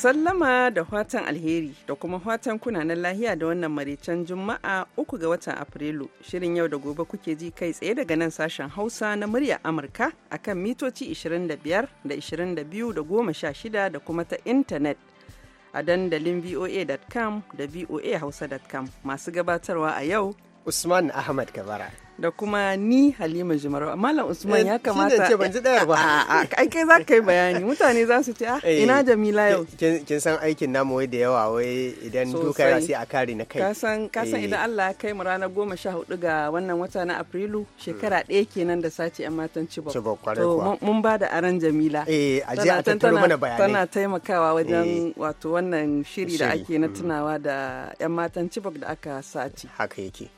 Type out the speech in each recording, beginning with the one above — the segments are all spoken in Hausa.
Sallama da fatan alheri da kuma fatan kunanan lahiya da wannan maraicen Juma'a uku ga watan Afrilu. Shirin yau da gobe kuke ji kai tsaye daga nan sashen Hausa na murya Amurka akan mitoci 25 da 22 da 16 da kuma ta intanet a dandalin voa.com da voahausa.com masu gabatarwa a yau. Usman Ahmad Kabara. Da kuma ni Halima Jimarwa. Malam Usman ya eh, kamata. Shi ce ban ji ɗaya ba. Ai kai za ka yi bayani. Mutane za su ce ah eh, ina Jamila yau. Kin san aikin namu wai da yawa wai idan duka ya sai a kare na kai. Ka san eh. idan Allah ya kai mu ranar goma sha hudu ga wannan wata na Afrilu shekara hmm. ɗaya kenan da sace yan matan Chibok. Chibok kwarai kuwa. Mun ba da aran Jamila. Eh a je a tattaro mana bayanai. Tana taimakawa wajen wato wannan shiri da ake na hmm. tunawa da yan matan Chibok da aka sace. Haka yake.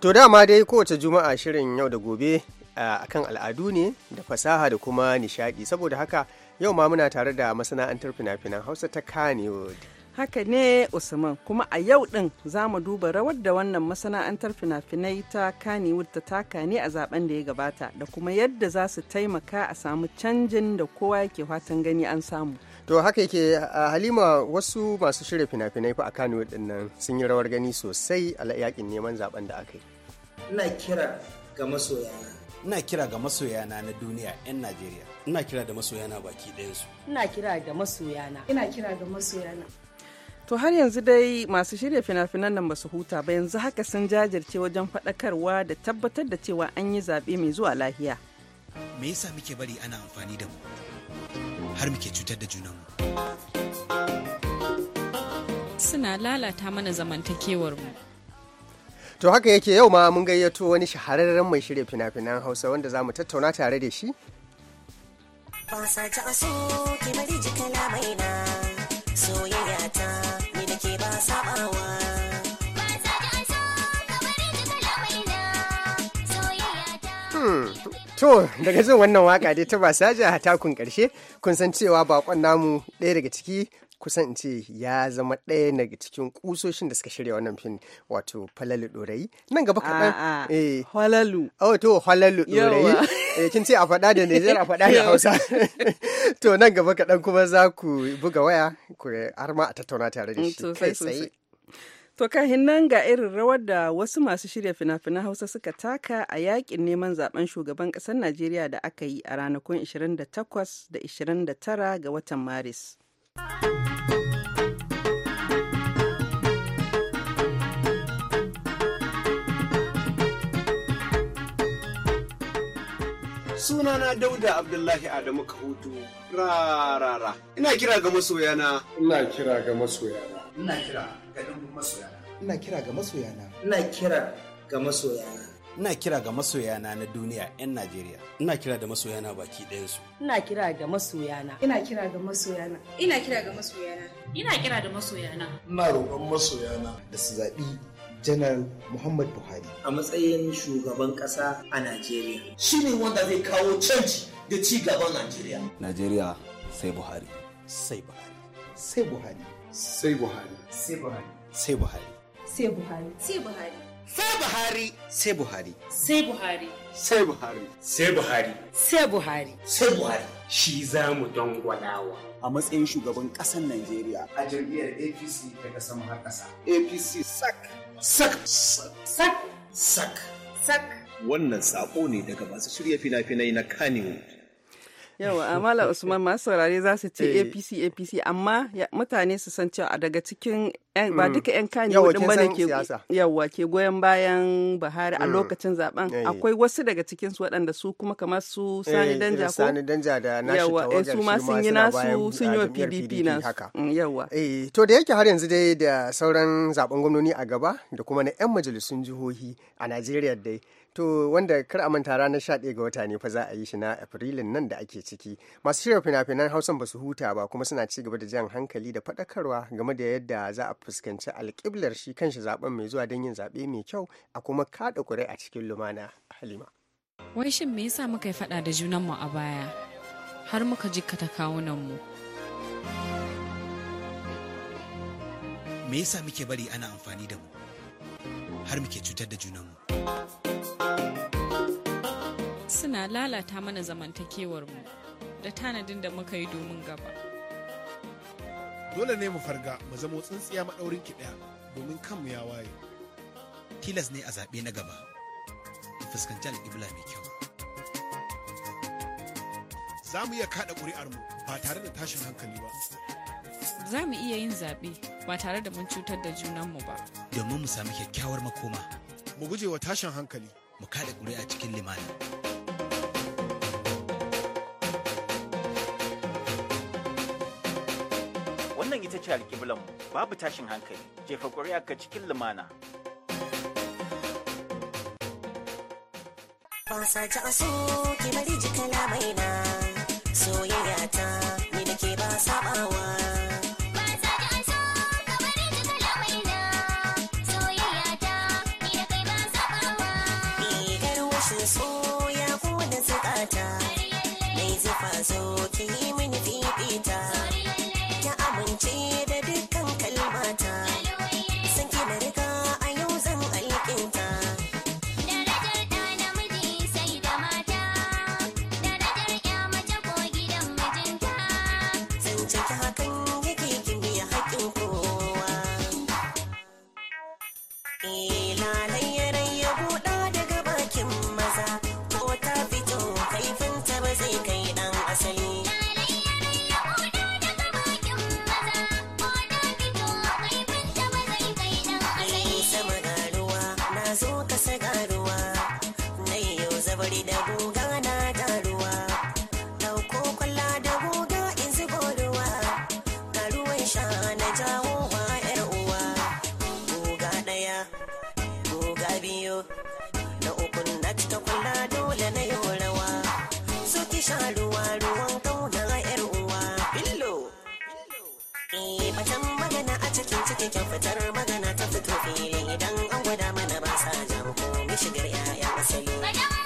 To dama dai kowace juma'a shirin yau da gobe akan al'adu ne da fasaha da kuma nishadi saboda haka yau ma muna tare da masana'antar fina-finan Hausa ta Kanewood. Haka ne Usman kuma a yau din za mu duba rawar da wannan masana'antar fina-finai ta Kanewood ta taka ne a zaben da ya gabata da kuma yadda za su taimaka a samu canjin da kowa yake fatan gani an samu. to haka yake halima wasu masu shirya fina-finai fa a kano dinnan sun yi rawar gani sosai a yakin neman zaben da aka yi ina kira ga masoyana ina kira ga masoyana na duniya 'yan najeriya ina kira da masoyana baki su ina kira da masoyana ina kira ga masoyana To har yanzu dai masu shirya fina-finan nan basu huta ba yanzu haka sun jajirce wajen faɗakarwa da tabbatar da cewa an yi zaɓe mai zuwa lahiya. Me yasa muke bari ana amfani da mu? har muke cutar da junanmu suna lalata mana zamantakewar mu to haka yake yau ma mun gayyato wani shahararren mai shirya fina-finan hausa wanda za mu tattauna tare da shi Hmm. To daga jin wannan waka dai ta a takun karshe kun san cewa bakon namu ɗaya daga ciki kusan in ce ya zama ɗaya daga cikin kusoshin da suka shirya wannan fim wato falalu ɗorayi nan gaba kaɗan eh halalu oh to halalu ɗorayi eh kin ce a faɗa da zai a faɗa da Hausa to nan gaba kaɗan kuma za ku buga waya ku har ma a tattauna tare da mm, shi kai sai To kahin nan ga irin rawar da wasu masu shirya fina-finan Hausa suka taka a yakin neman zaben shugaban ƙasar Najeriya da aka yi a ranakun 28 da 29 ga watan Maris. Sunana Dauda Abdullahi Adamu Kahutu rarara. Ina kira ga masoyana. Ina kira ga masoyana. Ina kira ga masoyana. Ina kira ga masoyana. Ina kira ga masoyana. Ina kira ga masoyana na duniya 'yan Najeriya. Ina kira da masoyana baki su. Ina kira ga masoyana. Ina kira ga masoyana. Ina kira ga masoyana. Ina kira da masoyana. Ina roƙon masoyana da su zaɓi janar muhammad buhari a matsayin shugaban ƙasa a najeriya shi ne wanda zai kawo canji da ci gaban najeriya najeriya sai buhari sai buhari sai buhari sai buhari sai buhari sai buhari sai buhari sai buhari sai buhari sai buhari sai buhari sai buhari sai buhari sai buhari sai buhari shi za mu gwadawa. a matsayin shugaban ƙasar najeriya a jam'iyyar apc daga sama har ƙasa apc sak sak sak sak sak wannan saƙo ne daga masu shirya fina-finai na kanewood yawa amala usman masu saurare za su ce eh. apc apc amma mutane su san cewa daga cikin ba mm. duka yan kani wadin bane ke yawa ke goyon bayan buhari a mm. lokacin zaben eh. akwai wasu daga cikin su waɗanda su kuma kamar su sani eh, danja ko sani danja da nashi yawa su ma sun yi nasu sun yi pdp na yawa to da yake har yanzu dai da sauran zaben gwamnoni a gaba da kuma na yan majalisun jihohi a najeriya dai to wanda kar a manta ranar 11 ga wata ne fa za a yi shi na afrilun nan da ake ciki masu shirya fina-finan hausan ba su huta ba kuma suna ci gaba da jan hankali da faɗakarwa game da yadda za a fuskanci alƙiblar shi kanshi zaben mai zuwa don yin zaɓe mai kyau a kuma kaɗa kurai a cikin lumana halima wai shin me yasa muka yi faɗa da junanmu a baya har muka jikkata kawunanmu me yasa muke bari ana amfani da mu har muke cutar da junanmu suna lalata mana zamantakewar mu da tanadin da muka yi domin gaba. Dole ne mu farga mu zamo tsintsiya maɗaurin ki ɗaya domin kanmu ya waye. Tilas ne a zaɓe na gaba, fuskanci al'ibla mai kyau. Za mu iya kaɗa ƙuri'armu ba tare da tashin hankali ba. Za mu iya yin zaɓe ba tare da mun cutar da junanmu ba. Domin mu sami kyakkyawar makoma. Mu guje wa tashin hankali. Mu kaɗa ƙuri'a cikin limani. ita ce babu tashin hankali jefa ƙuri'a ka cikin lumana. Basa ta aso bari jikala maina soyayya ta ni ke ba sabawa. fitar magana ta fito fili idan an gwada mana ba sa jam ko mu shigar 'ya'ya asali.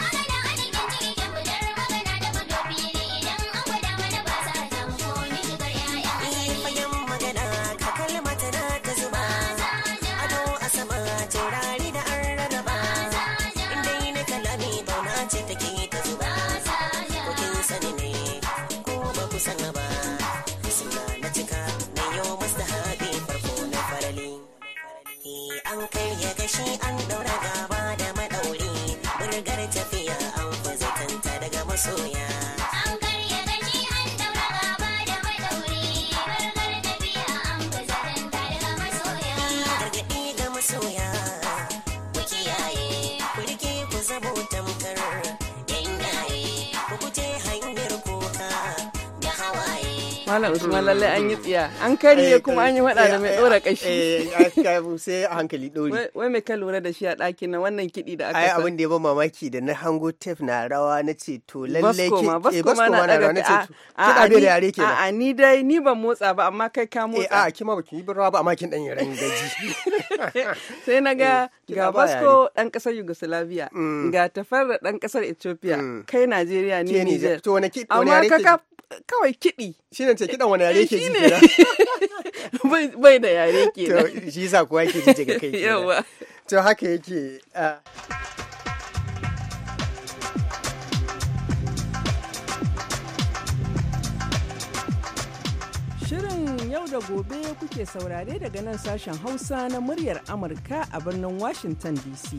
Malam Usman mm. lallai an yi tsiya. An karye eh, kuma an yi faɗa da mai eh, ɗora eh, ƙashi. sai a hankali ɗori. Wai mai ka lura da shi a ɗakin na wannan kiɗi da aka sa. Ai abin da ya ba mamaki da na hango tef na rawa na ce to lallai ki. Basko ma na daga na ce ni yare ke A ni dai ni ban motsa ba amma kai ka motsa. A kima ba ki yi rawa ba amma kin yi yaren gaji. Sai na ga ga Basko ɗan ƙasar Yugoslavia mm. ga tafarra ɗan ƙasar Ethiopia mm. kai Najeriya ni Niger. To wani kiɗa wani yare kawai kiɗi shi ne ce kiɗan wani yare ke ji bai da yare ke to shi yasa kowa yake ji ga kai yawa to haka yake Shirin yau da gobe kuke saurare daga nan sashen Hausa na muryar Amurka a birnin Washington DC.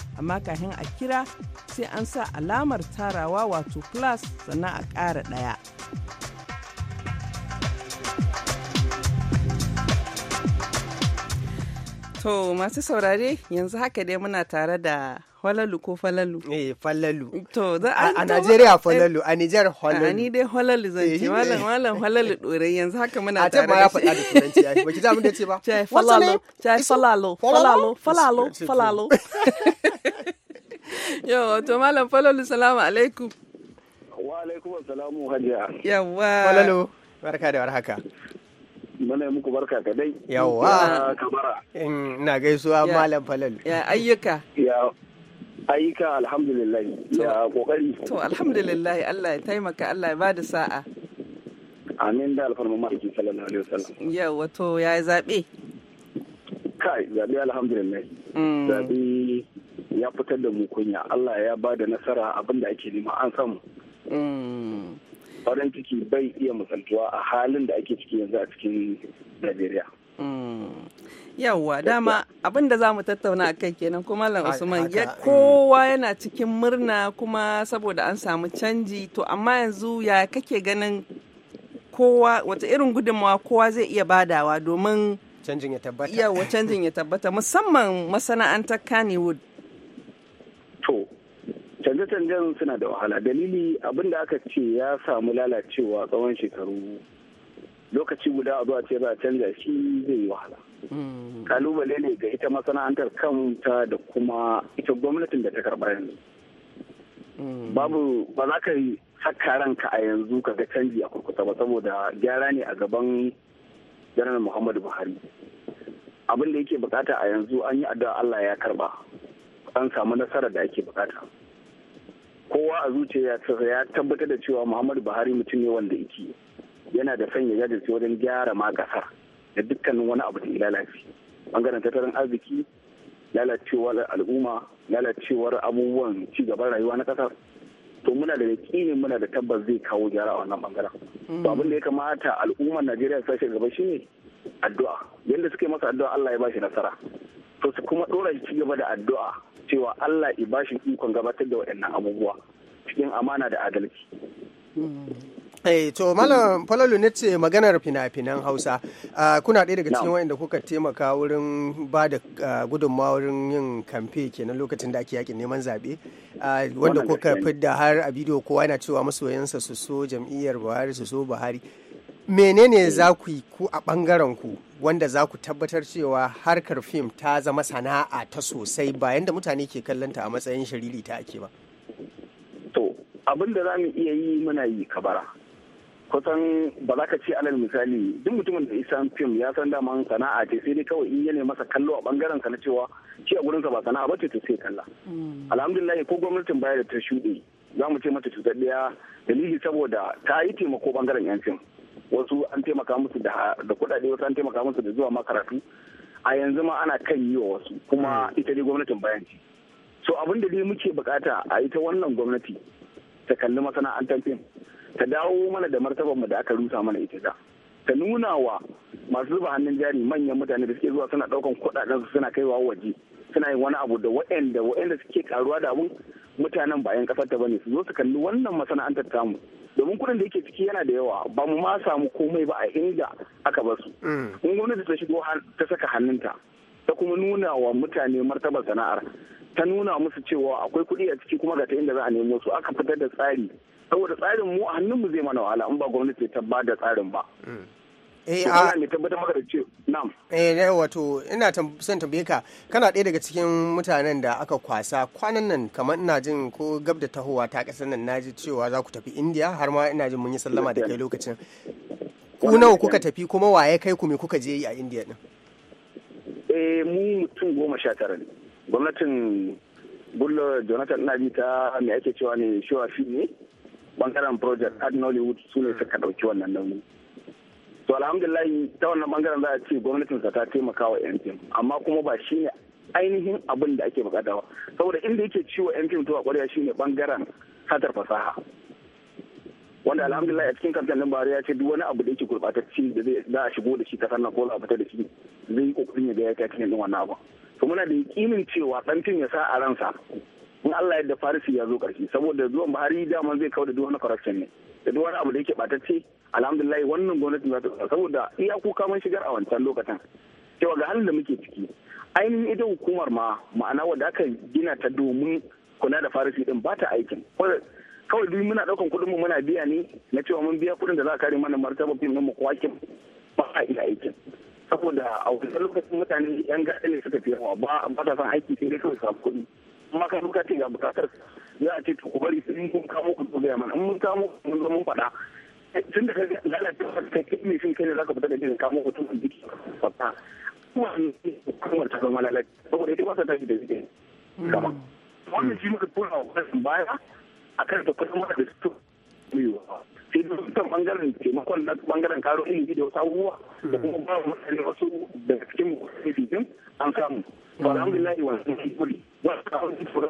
amma kafin a kira sai an sa alamar tarawa wato class sannan a ƙara ɗaya. To masu saurare yanzu haka dai muna tare da Halalu ko Falalu? Eh, Falalu. To, za a Najeriya eh, Falalu, a Nijar Halalu. A dai Halalu zan ce, eh, malam eh. malam Halalu dore yanzu haka muna tare. A ce ma ya faɗa da turanci ya baki zamu da ce ba. Cai Falalu, cai Falalu, falalu, falalu, falalu. Yo, to malam Falalu salamu alaikum. Wa alaikum assalamu hajiya. Yawwa. Falalu, barka da warhaka. mana muku barka kadai yawa kamara ina gaisuwa malam falal ya ayyuka ya ayyuka alhamdulillah ya kokari to alhamdulillah Allah ya taimaka Allah ya bada sa'a amin da alfarma ma'aiki sallallahu alaihi wasallam Ya wato ya zabe kai zabe alhamdulillah mm. zabe ya fitar da mu kunya Allah ya bada nasara abinda ake nema an samu mm. farin ciki bai iya musantuwa a halin da ake ciki yanzu a cikin Najeriya. Hmm. yawwa dama abin da za mu tattauna a kai kenan kuma Malam Usman ya hmm. kowa yana cikin murna kuma saboda an samu canji to amma yanzu ya kake ganin kowa wata irin gudunmawa kowa zai iya badawa domin canjin ya tabbata canjin ya tabbata musamman masana'antar Kannywood canje-canjen suna da wahala dalili abin da aka ce ya samu lalacewa tsawon shekaru lokaci guda a zuwa ce za a canja shi zai yi wahala hmm. kalubale ne ga ita masana'antar kanta da kuma ita gwamnatin da ta karɓa yanzu hmm. babu ba za ka yi ranka a yanzu ka ga canji a kurkusa ba saboda gyara ne a gaban janar muhammadu buhari abin da yake bukata a yanzu an yi addu'a allah ya karba an samu nasarar da ake bukata kowa a zuciya ya tabbatar da cewa muhammadu buhari mutum ne wanda yake yana da sanya ya wajen gyara ma kasar da dukkanin wani abu da ya lalace bangaren tattalin arziki lalacewar al'umma lalacewar abubuwan ci gaban rayuwa na kasar to muna da yakinin muna da tabbas zai kawo gyara a wannan bangaren to abin da ya kamata al'ummar najeriya su gaba shine addu'a yadda suke masa addu'a allah ya bashi nasara to su kuma dora ci gaba da addu'a cewa Allah i bashi ikon gabatar da waɗannan abubuwa cikin amana da adalci. Hmm. Eh, to malam falalu ne ce maganar fina-finan hausa ah, kuna ɗaya daga cikin wayanda kuka taimaka wurin ba da ah, gudunmawa wurin yin kamfe kenan lokacin da ake yakin neman zaɓe ah, wanda kuka fidda har a bidiyo kowa yana cewa masoyansa su so jam'iyyar buhari su so buhari menene eh. za ku yi ku a ɓangaren ku wanda za ku tabbatar cewa harkar fim ta zama sana'a ta sosai bayan da mutane ke kallonta a matsayin shiriri ta ake ba to abin da za mu iya yi muna yi kabara kusan ba za ka ce alal misali duk mutumin da isan fim ya san daman sana'a ce sai dai kawai in yana masa kallo a bangaren sa na cewa shi a gurinsa ba sana'a ba ce to sai kalla mm. alhamdulillah ko gwamnatin baya da ta shuɗe za mu ce mata cutar ɗaya dalili saboda ta yi taimako bangaren yan fim wasu an taimaka musu da kudade wasu an taimaka musu da zuwa makaratu a yanzu ma ana kan yi wa wasu kuma hmm. ita ne gwamnatin bayanci so abin da dai muke bukata a ita wannan gwamnati ta kalli masana'antar fim ta dawo mana da martaban mu da aka rusa mana ita da ta nuna wa masu zuba hannun jari manyan mutane da suke zuwa suna daukan kuɗaɗen su suna kaiwa waje suna yin wani abu da waɗanda waɗanda suke karuwa da abun mutanen bayan kasar ta bane su zo su kalli wannan masana'antar tamu domin kuɗin da yake ciki yana da yawa ba mu ma samu komai ba a inda aka basu mm. in gwamnati ta shigo ta saka hannunta ta kuma nuna wa mutane martabar sana'ar ta nuna musu cewa akwai kuɗi a ciki kuma ga ta inda za a nemo su aka fitar da tsari saboda tsarin mu a hannunmu zai mana wahala in ba gwamnati ta ba da tsarin ba mm. eh a eh wato ina son tambaye ka kana ɗaya daga cikin mutanen da aka kwasa kwanan nan kamar ina jin ko gab da tahowa ta ƙasar nan naji cewa za ku tafi India har ma ina jin mun yi sallama da kai lokacin ku nawa kuka tafi kuma waye kai ku me kuka je yi a India din eh mu mutum goma sha tara ne gwamnatin bullo jonathan nabi ta me ake cewa ne shiwa fi ne bangaren project ad nollywood su ne suka ɗauki wannan nauyi to alhamdulillah ta wannan bangaren za a ce sa ta taimaka wa yan amma kuma ba shi ainihin abin da ake bukata ba saboda inda yake ciwo yan fim to a kwarya shine bangaren satar fasaha wanda alhamdulillah a cikin kamfanin bari ya ce duk wani abu da yake gurbatacci da zai za a shigo da shi ta sannan ko za a fita da shi zai yi kokarin ya ga ya tafi din wannan abu to muna da yakinin cewa dan fim ya sa a ransa in Allah ya da farisi ya zo karshe saboda zuwan Buhari daman zai kawo da duk wani corruption ne da duk wani abu da yake batacce alhamdulillah wannan gwamnati za ta saboda iya kuka mun shigar a wancan lokacin cewa ga halin da muke ciki ainihin ita hukumar ma ma'ana wadda aka gina ta domin kula da farisi din ba ta aikin kawai duk muna daukan kuɗin mu muna biya ne na cewa mun biya kuɗin da za a kare mana martaba fim mu kwakin ba a iya aikin saboda a wajen lokacin mutane yan gaɗa ne suka fi yawa ba ba ta san aiki sai dai kawai samu kuɗi amma ka duka ce ga bukatar za a ce to ku bari sai mun kamo ku gaya mana in mun kamo mun zo mun faɗa tun da ka ta kai mai shin kai da zaka fita da jin kamo hoton da jiki babba kuma ne kuma ta zama lalace saboda ita ba ta da jiki kama wannan shi muka tura wa wasan baya a kan ta kuma da su sai da bangaren taimakon na bangaren karo ilimi da wasu abubuwa da kuma ba mutane wasu da cikin mutum an samu alhamdulillah wannan shi ba ka wani tura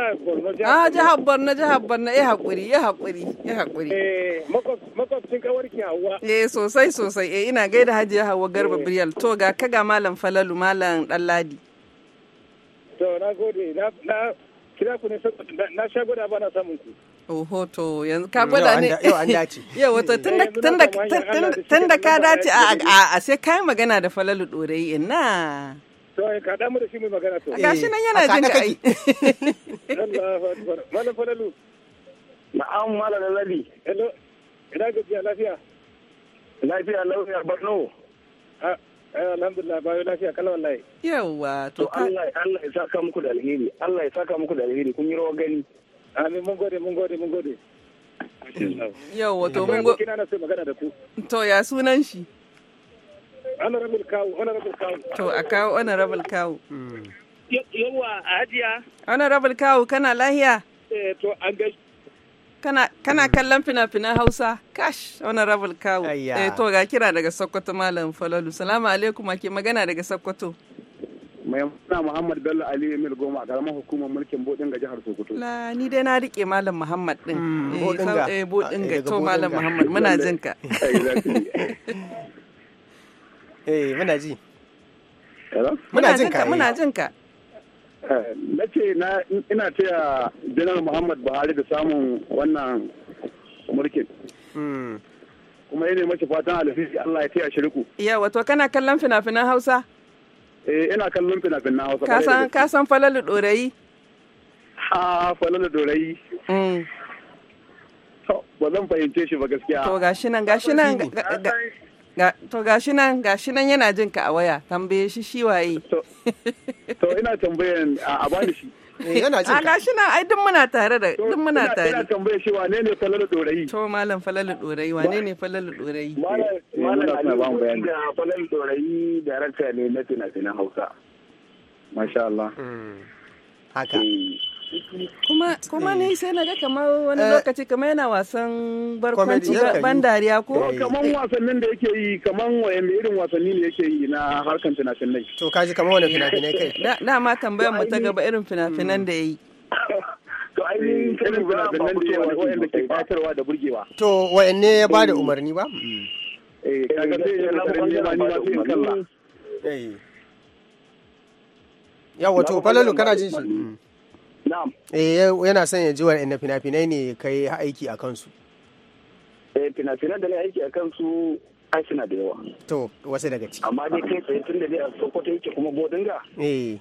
a na ji habbar na ya haƙuri ya haƙuri ya haƙuri eh, makwabcin ki hawa eh sosai sosai eh ina gaida hajiya hawa garba eh. biryal to ga kaga malam falalu malam ɗanladi to na gode na kira ku ne na sha gwada ba na samun ku Oho to yanzu ka gwada ne. Yau an dace. Yau wato tun da eh, ka dace a sai kayan magana da falalu ɗorayi ina. To ya eh, kaɗa mu da shi mai magana to. Ga shi nan yana eh, jin da ai. Malam Falalu. Na'am Malam Lali. Hello. Ina gajiya lafiya. Lafiya lafiya Borno. Eh, alhamdulillah bayo lafiya kala wallahi yawa to Allah Allah ya saka muku da alheri Allah ya saka muku da alheri kun yi rawa gani amin mun gode mun gode mun gode yawa to mun gode kina na sai magana da ku to ya sunan shi honorable kawo honorable kawo to a kawo honorable kawo hmm. yawwa a hajiya honorable kawo kana lahiya eh to an gaishe kana kana kallon fina-finan hausa kash honorable kawo eh to ga kira daga sokoto malam falalu salamu alaikum ake magana daga sokoto mai suna muhammad bello ali Emil goma a karamar hukumar mulkin Bodin ga jihar sokoto la ni dai na rike malam muhammad din hmm, eh, bodinga eh ga ah, eh, to malam muhammad muna jin ka eh muna ji muna jin ka muna jin ka eh. eh, na ce ina taya janar muhammad buhari da samun wannan mulkin hmm. kuma yana mace fatan alfisi allah ya taya shi riku Iya, wato kana kallon fina-finan hausa eh ina kallon fina-finan hausa ka san ka san falalu dorayi ha falalu dorayi hmm. ba zan fahimce shi ba gaskiya to gashi nan gashi nan to gashi nan gashi nan yana jin ka a waya tambaye shi shi waye to ina tambayan a bani shi eh, yana jin ka gashi nan ai duk muna tare da duk muna tare ina tambaye shi wane ne falalu dorayi to malam falalu dorayi wane ne falalu dorayi malam eh, malam da falalu dorayi darakta ne na fina Hausa masha Allah hmm, haka eh, kuma kuma ne sai na ga kamar wani eh, lokaci kamar yana wasan barkwanci ban dariya ko kamar wasannin da yake yi kamar da irin wasanni ne yake yi na harkan fina-finai to kaji kamar wani fina-finai kai ma tambayar mu ta gaba irin fina-finan da yayi to ainihin eh, irin fina-finan da yawa wanda ke fatarwa da burgewa to ne ya bada umarni ba eh mm. kaga sai eh, ni sai in kalla eh yawa to falalu kana jin shi Na'am. Eh yana son ya ji wa'anne fina-finai ne kai aiki a kansu. Eh fina-finan da ne aiki a kansu ai suna da yawa. To wasu daga ciki. Amma dai kai tsaye tun da dai a Sokoto yake kuma Bodinga. Eh.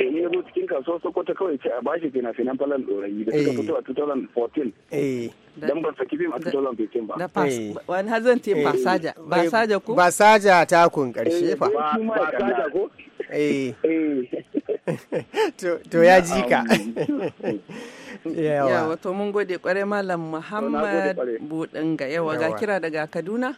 Eh ne zo cikin kasuwar Sokoto kawai ce a bashi fina-finan falan ɗorayi da suka eh. fito a 2014. Eh. Dan ba saki fim a 2015 ba. Da pass. Eh. Wani hazan te eh. basaja. Basaja ko? Basaja ta kun karshe fa. saja ko? Eh. Eh. to ya ji ka yawa to mun gode kware malam muhammad budin ga yawa ga kira daga kaduna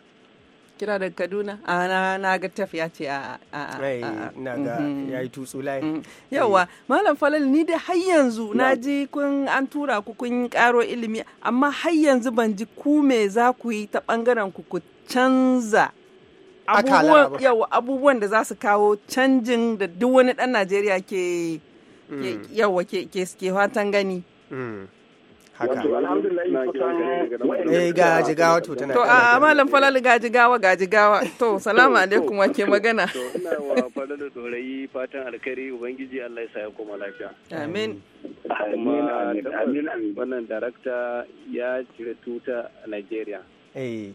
kira daga kaduna a na, na ga taf ya ce a a a na ga mhm. ya yi tutsu layi mm. yawa eh. malam falal ni da har yanzu na ji kun an tura ku kun karo ilimi amma har yanzu ban ji ku me za ku yi ta bangaren ku ku canza abubuwan da za su kawo canjin da duk wani ɗan najeriya ke mm. yawa ke ke fatan gani mm. haka eh ga jigawa to tana to a malam falalu gaji gawa gaji gawa to salamu alaikum wa ke magana to ina wa falal dorayi fatan alkari ubangiji Allah ya sa ya koma lafiya amin amin amin wannan darakta ya cire tuta a Najeriya eh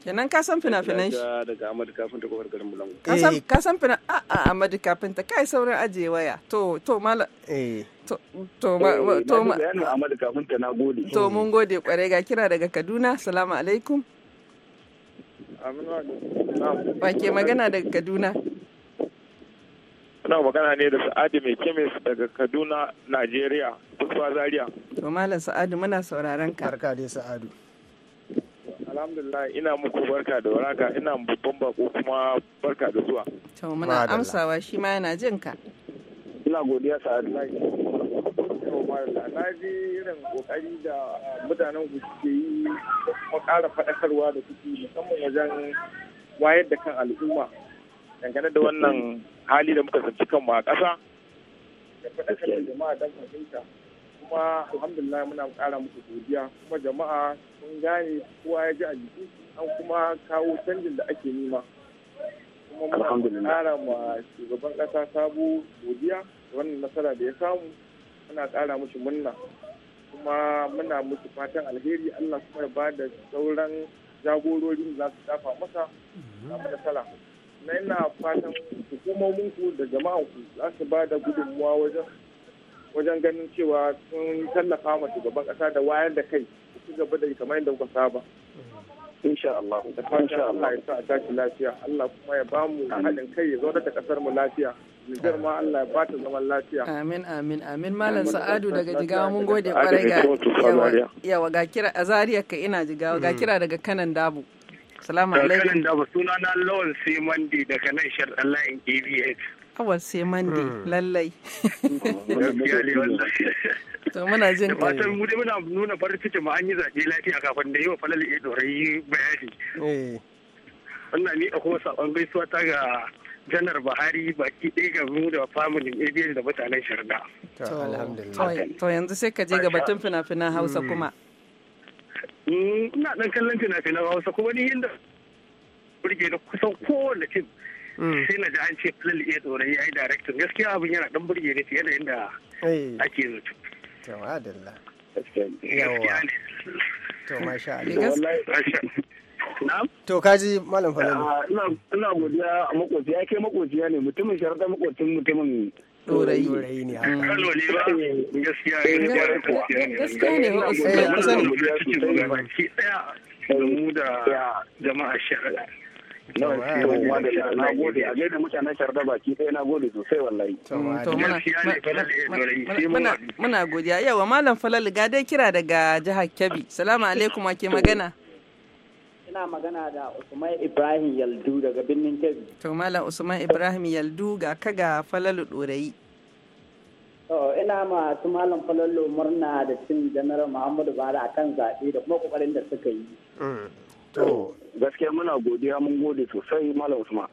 kenan ka san fina-finan shi daga amadu kafinta kofar garin bulangu eh. ka san fina a a amadu kafinta kai saurin ajiye waya to to mala eh to to ma eh, to ma amadu kafinta na gode to mun gode kwarai ga kira daga kaduna salamu alaikum wa ke magana daga kaduna ina magana ne da Sa'adu mai kemis daga Kaduna, Najeriya, Tufa Zaria. To Malam Sa'adu muna sauraron ka. Barka dai Sa'adu. alhamdulillah ina muku barka da waraka ina babban bako kuma barka da zuwa to muna amsawa shi ma yana jin ka ina godiya sa'ad na ji irin kokari da mutanen ku suke yi kuma ƙara faɗakarwa da kuke musamman wajen wayar da kan al'umma dangane da wannan hali da muka tsinci kanmu a ƙasa da faɗakar da jama'a don fahimta kuma alhamdulillah muna kara musu godiya kuma jama'a sun gane kowa ya ji a jiki an kuma kawo canjin da ake nema kuma muna kara ma shugaban ƙasa sabu godiya da wannan nasara da ya samu muna kara mushi murna kuma muna musu fatan alheri Allah kuma ba da sauran jagorori za su dafa masa da nasara na ina fatan hukumomin ku da jama'a ku za su ba da gudunmuwa wajen wajen ganin cewa sun tallafa ma shugaban kasa da wayar da kai su gaba da kamar yadda kuka saba insha Allah da fatan Allah ya sa a tashi lafiya Allah kuma ya bamu halin kai ya zauna da kasar mu lafiya Nijar ma Allah ya ba ta zaman lafiya amin amin amin malam Sa'adu daga Jigawa mun gode kwarai ga yawa ga kira Azariya ka ina Jigawa ga hmm. kira daga Kanan Dabu Salamu alaikum. Kanan Dabu sunana Lawan Simandi daga nan Shar'an Layin ABS. awar sai mande hmm. lallai to muna jin kai fatan mu dai muna nuna farin cikin mu an yi zaɓe lafiya kafin da yawa falal ya dorai bayani eh. wannan ni a kuma sabon gaisuwa ta ga janar buhari baki ɗaya ga mu da familin ABN da mutanen sharda to yanzu sai ka je ga batun fina-finan hausa hmm. kuma hmm, ina ɗan kallon fina-finan hausa kuma ni yin da burge na kusan kowane fim Mm. sai na ji an ce filal iya tsoron ya yi gaskiya abin yana dan burge ne fiye da inda ake zuci. to adalla to masha Allah kaji malam ah, ina godiya a makoci ya ne mutumin sharaɗa makocin mutumin dorayi dorayi ne haka kalo ne ba eh. Eh, gaskiya ne gaskiya ne ne. ne. Eh, ne. na gode a sharda na gode sosai wallahi. Muna godiya yawa Malam Falal ga dai kira daga jihar Kebbi. Salamu alaikum ake magana. Ina magana da Usman Ibrahim Yaldu daga birnin Kebbi. To Malam Usman Ibrahim Yaldu ga ka ga Falalu Ɗorayi. ina masu malam falalu murna da cin janar Muhammadu a akan zaɓe da kuma kokarin da suka yi. Mm. to gaskiya muna godiya mun gode sosai malam usman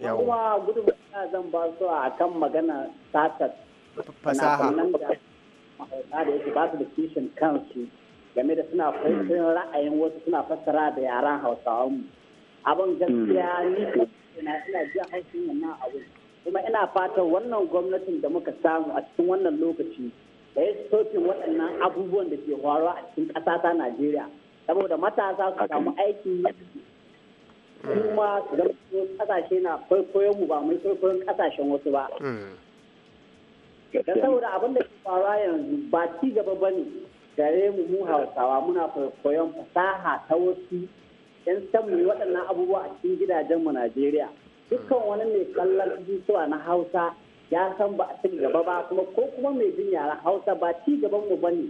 kuma gudun zan ba su a kan magana fasaha da kansu game da suna hmm. fasirin ra'ayin wasu suna fassara da yaran hausawan mu abin gaskiya hmm. ni na ina jiya haushin wannan abu. kuma ina fatan wannan gwamnatin da muka samu a cikin wannan lokaci da ya soke waɗannan abubuwan da ke faruwa a cikin ƙasa ta najeriya saboda matasa su samu aiki kuma su zama kasashe na kwaikwayon mu ba mai kwaikwayon kasashen wasu ba hmm. don saboda abin da ke faruwa yanzu ba ci gaba ba ne gare mu mu hausawa muna kwaikwayon fasaha ta wasu yan san mu waɗannan abubuwa a cikin gidajen mu Najeriya dukkan wani mai kallon zuwa na Hausa ya san ba a ci gaba ba kuma ko kuma mai jin Hausa ba ci gaban mu ba ne.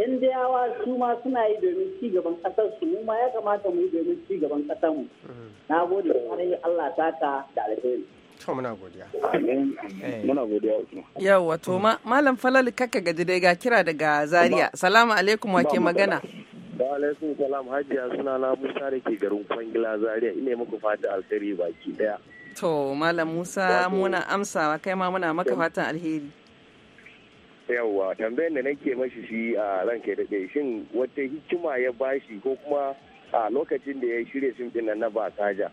yan dayawa su ma suna yi domin ci gaban kasar su ma ya kamata mu yi domin ci gaban kasar mu na gode kwarai Allah ta ka da alheri to muna godiya muna godiya yawa to malam falal kaka gaji dai ga kira daga zaria salamu alaikum wa ke magana wa alaikum salam hajiya suna na musa da ke garin kwangila zaria ina muku fata alheri baki daya to malam musa muna amsawa kai ma muna maka fatan alheri yawwa tambayar da nake mashi shi a kai da shin wata hikima ya bashi ko kuma a lokacin da ya shirya fim dinnan na ba saja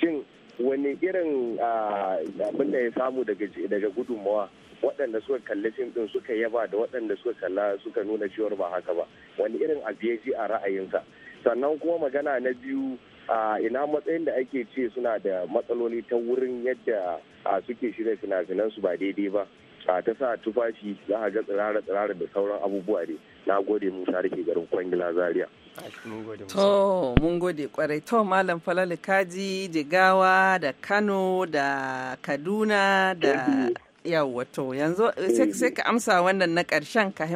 shin wani irin abin da ya samu daga gudunmawa waɗanda suka kalli fim din suka yaba da waɗanda suka kalla suka nuna cewar ba haka ba wani irin abu ya ji a ra'ayinsa sannan kuma magana na biyu a ina matsayin da ake ce suna da matsaloli ta wurin yadda suke shirya fina-finansu ba daidai ba a ta sa tufafi za a ga tsirara tsirara da sauran abubuwa ne na gode mun sha ke garin kwangila zaria to mun gode kwarai to malam falalu kaji jigawa da kano da kaduna da yawwa to yanzu sai ka amsa wannan na karshen ka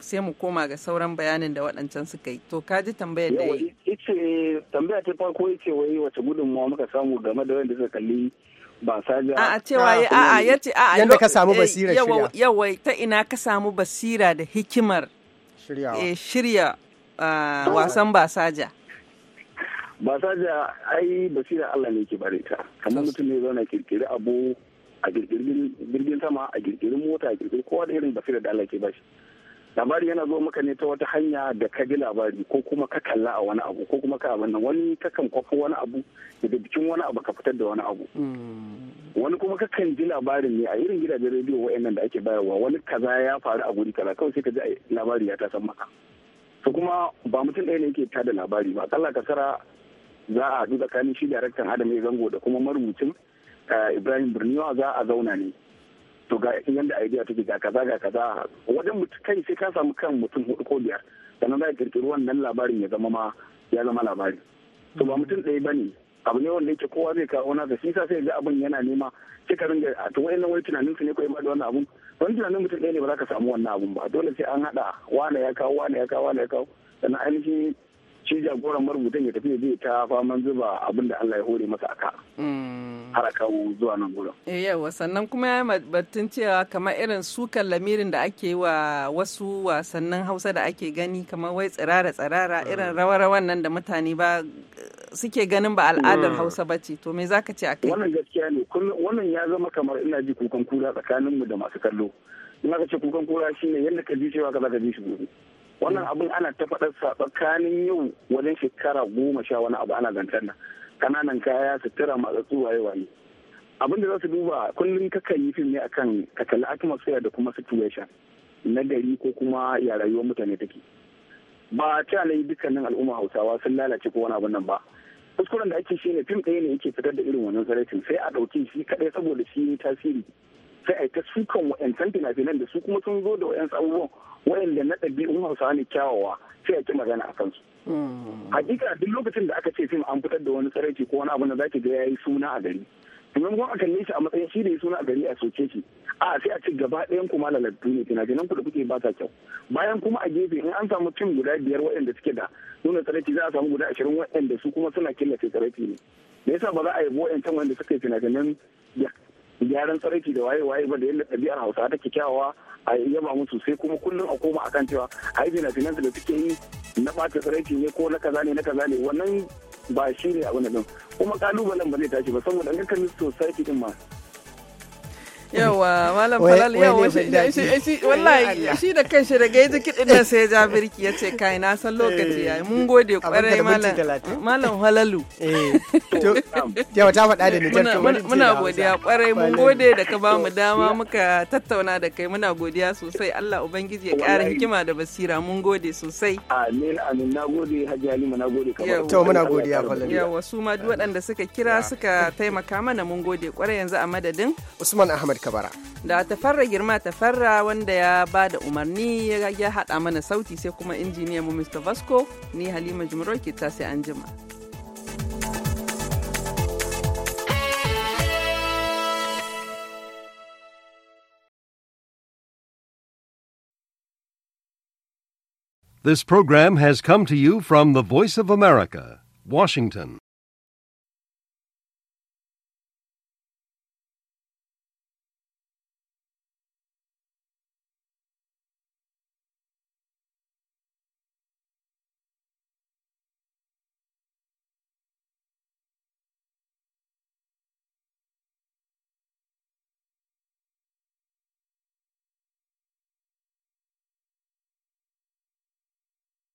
sai mu koma ga sauran bayanin da waɗancan suka yi to kaji tambayar da yi tambaya ta farko yace wai wace gudunmawa muka samu game da wanda suka kalli ba sai a cewa ah, a a yace a yanda ka samu eh, basira shirya yawa ta ina ka samu basira da hikimar eh, shirya ah, wasan basaja. basaja ai basira Allah ne ke bare ta kamar mutum ne zauna kirkiri abu a kirkirin jirgin sama a kirkirin mota a kirkirin kowa da irin basira da Allah ke bashi labari yana zo maka ne ta wata hanya da ka ji labari ko kuma ka kalla a wani abu ko kuma ka abin nan wani kakan kwafi wani abu daga bikin wani abu ka fitar da wani abu mm. wani kuma kakan ji labarin ne a irin gidajen rediyo wa'annan da ake bayarwa wani kaza ya faru a guri kaza kawai sai ka ji labari ya tasan maka su kuma ba mutum ɗaya ne yake da labari ba akalla kasara za a haɗu tsakanin shi daraktan adam ya zango da kuma marubucin eh, ibrahim birniwa za a zauna ne to ga yadda idea take ga kaza ga kaza wajen mutum kai sai ka samu kan mutum hudu ko biyar sannan za ka kirkiri wannan labarin ya zama ma ya zama labari to ba mutum ɗaya bane abu ne wanda yake kowa zai kawo nasa shi sai ga abin yana nema sai ka ringa a to wayannan wani tunanin su ne ko ba da wannan abun wani tunanin mutum ɗaya ne ba za ka samu wannan abun ba dole sai an haɗa wane ya kawo wane ya kawo wane ya kawo sannan ainihin shi jagoran marubutan ya tafi zai ta faman zuba abin da Allah ya hore masa aka hmm. har zuwa nan gurin. Eh, yawa sannan kuma ya batun cewa kamar irin sukan lamirin da ake wa wasu wasannin hausa da ake gani kamar wai tsirara tsirara hmm. irin rawa-rawan nan da mutane ba suke ganin ba al'adar hmm. hausa ba ce to me za ka ce a kai wannan gaskiya ne wannan ya zama kamar ina ji kukan kura tsakaninmu da masu kallo ina ka ce kukan kura shine yadda ka ji cewa ka za ka ji shi gobe wannan abin ana ta faɗar tsakanin yau wajen shekara goma sha wani abu ana zantar nan kananan kaya sutura matsatsu waye waye abin da za su duba kullum kakan yi fim ne akan kakali atmosphere da kuma situation na gari ko kuma ya rayuwar mutane take ba ta nai dukkanin al'umma hausawa sun lalace ko wani abin nan ba kuskuren da ake shi ne fim ɗaya ne yake fitar da irin wannan sarakin sai a ɗauki shi kaɗai saboda shi tasiri sai a yi ta sukan wa'yancan fina-finan da su kuma sun zo da wa'yansu abubuwan da na ɗabi'un hausawa ne kyawawa sai a ki magana a kansu. Hmm. Hakika duk lokacin da aka ce fim an fitar da wani tsaraici ko wani abu na zaki ga ya yi suna a gari. domin kuma akan nishi a matsayin shi da ya suna a gari a soke shi a sai a ci gaba ɗayan kuma lalattu ne finafinan kuɗi kuke ba ta kyau bayan kuma a gefe in an samu fim guda biyar waɗanda suke da nuna tsaraki za a samu guda ashirin waɗanda su kuma suna killace tsaraki ne me yasa ba za a yi can wanda suka yi finafinan gyaran tsaraki da waye waye ba da yadda ɗabi'ar hausa ke kyawawa a yaba musu sai kuma kullum a koma akan cewa ai na finansu da suke yi na ɓata tsaraki ne ko na kaza ne na kaza ne wannan ba shi ne abu na ɗin kuma kalubalen ba zai tashi ba saboda an kan society ɗin ma yawa malam falal yawa shi wallahi eh, shi da kan shi daga yaji kiɗin nan sai ja birki ya ce kai na san lokaci eh. yayi mun gode kwarai malam malam halalu eh. yawa ta faɗa da nijar muna godiya kwarai mun gode da ka bamu dama muka tattauna da kai muna godiya sosai Allah ubangiji ya ƙara hikima da basira mun gode sosai amin amin na gode hajji halima na gode kamar to muna godiya falal yawa su ma duk waɗanda suka kira suka taimaka mana mun gode kwarai yanzu a madadin Usman Ahmad Ahmad Kabara. Da tafarra girma tafarra wanda ya ba da umarni ya haɗa mana sauti sai kuma injiniya mu Mr. Vasco ni Halima Jumaro ke ta sai an jima. This program has come to you from the Voice of America, Washington.